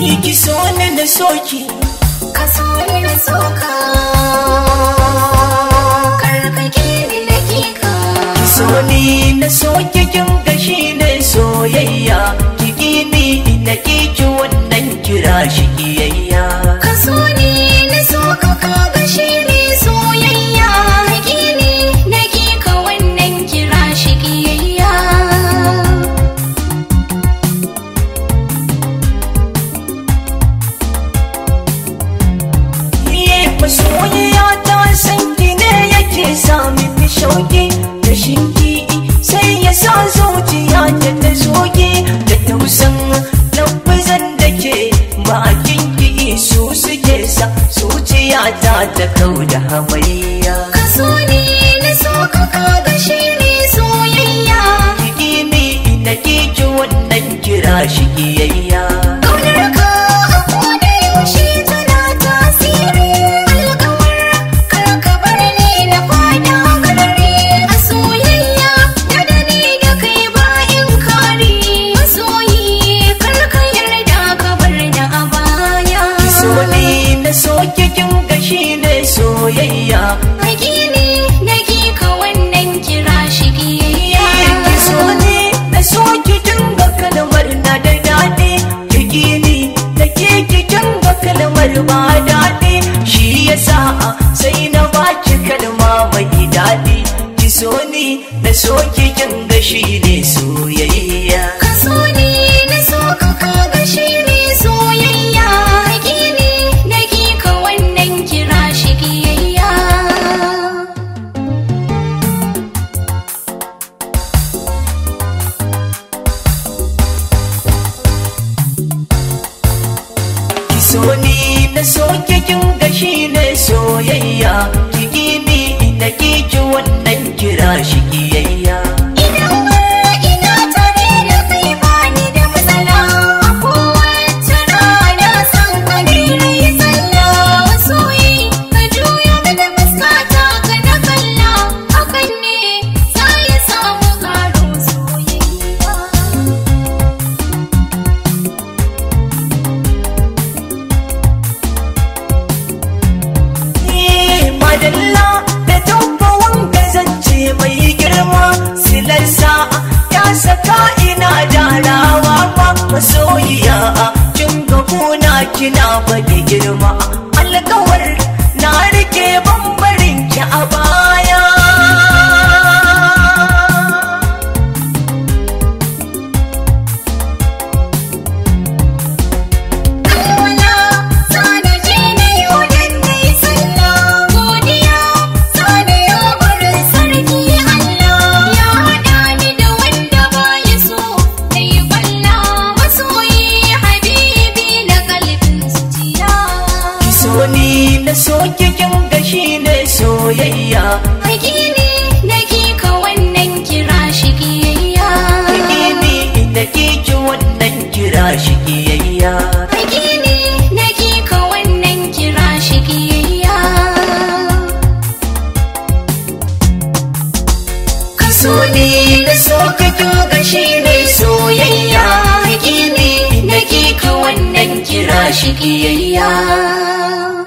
Ni ki so ne da soki, ka so ne da soka. mata ta kau da hamayya. Ka so ne na so ka gashi. shi kalma daɗi shi ya sai na ki kalma mai daɗi ki so ni na so ki kin gashi ne soyayya so ni na so kikin gashi ne soyayya sana'a kin ga kuna kina faɗi girma alkawar na rike bambarin ki a soyayya haƙi ne na ka wannan kira shi kiyayya haƙi ne na ki wannan kira shi kiyayya haƙi ne na ka wannan kira shi kiyayya kaso ne na so ka to gashi ne soyayya haƙi ne na ka wannan kira shi kiyayya